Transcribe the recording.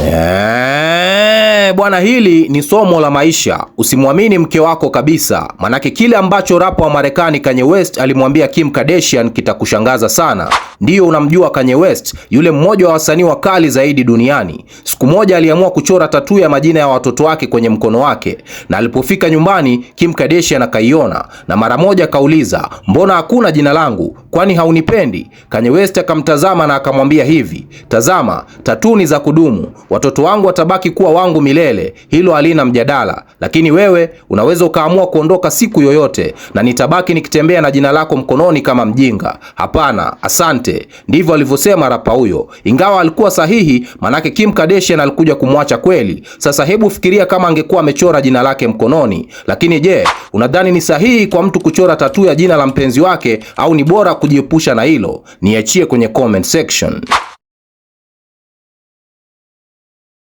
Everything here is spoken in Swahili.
Yeah. e bwana, hili ni somo la maisha. Usimwamini mke wako kabisa, manake kile ambacho rapa wa Marekani Kanye West alimwambia Kim Kardashian kitakushangaza sana. Ndiyo, unamjua Kanye West, yule mmoja wa wasanii wakali zaidi duniani. Siku moja aliamua kuchora tatu ya majina ya watoto wake kwenye mkono wake, na alipofika nyumbani Kim Kardashian akaiona na mara moja akauliza, mbona hakuna jina langu? Kwani haunipendi? Kanye West akamtazama na akamwambia hivi, tazama, tatu ni za kudumu, watoto wangu watabaki kuwa wangu milele milele, hilo halina mjadala, lakini wewe unaweza ukaamua kuondoka siku yoyote na nitabaki nikitembea na jina lako mkononi kama mjinga. Hapana, asante. Ndivyo alivyosema rapa huyo, ingawa alikuwa sahihi, manake Kim Kardashian alikuja kumwacha kweli. Sasa hebu fikiria kama angekuwa amechora jina lake mkononi. Lakini je, unadhani ni sahihi kwa mtu kuchora tatu ya jina la mpenzi wake, au ni bora kujiepusha na hilo? Niachie kwenye comment section.